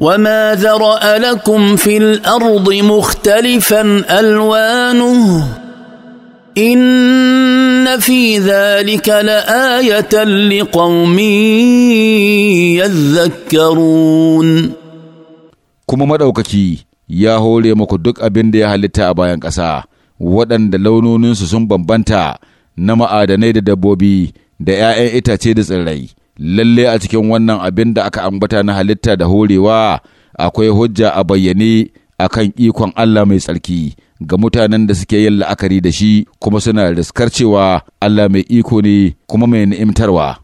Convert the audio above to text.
وما ذرا لكم في الارض مختلفا الوانه ان في ذلك لايه لقوم يذكرون kuma maɗaukaki ya hore muku duk abin da ya halitta a bayan ƙasa waɗanda launoninsu sun bambanta na ma'adanai da dabbobi da ‘ya'yan itace da tsirrai lalle a cikin wannan abin da aka ambata na halitta da horewa akwai hujja a bayyane a kan ikon Allah mai tsarki ga mutanen da suke yin la'akari da shi kuma suna riskar cewa Allah mai iko ne kuma mai ni'imtarwa.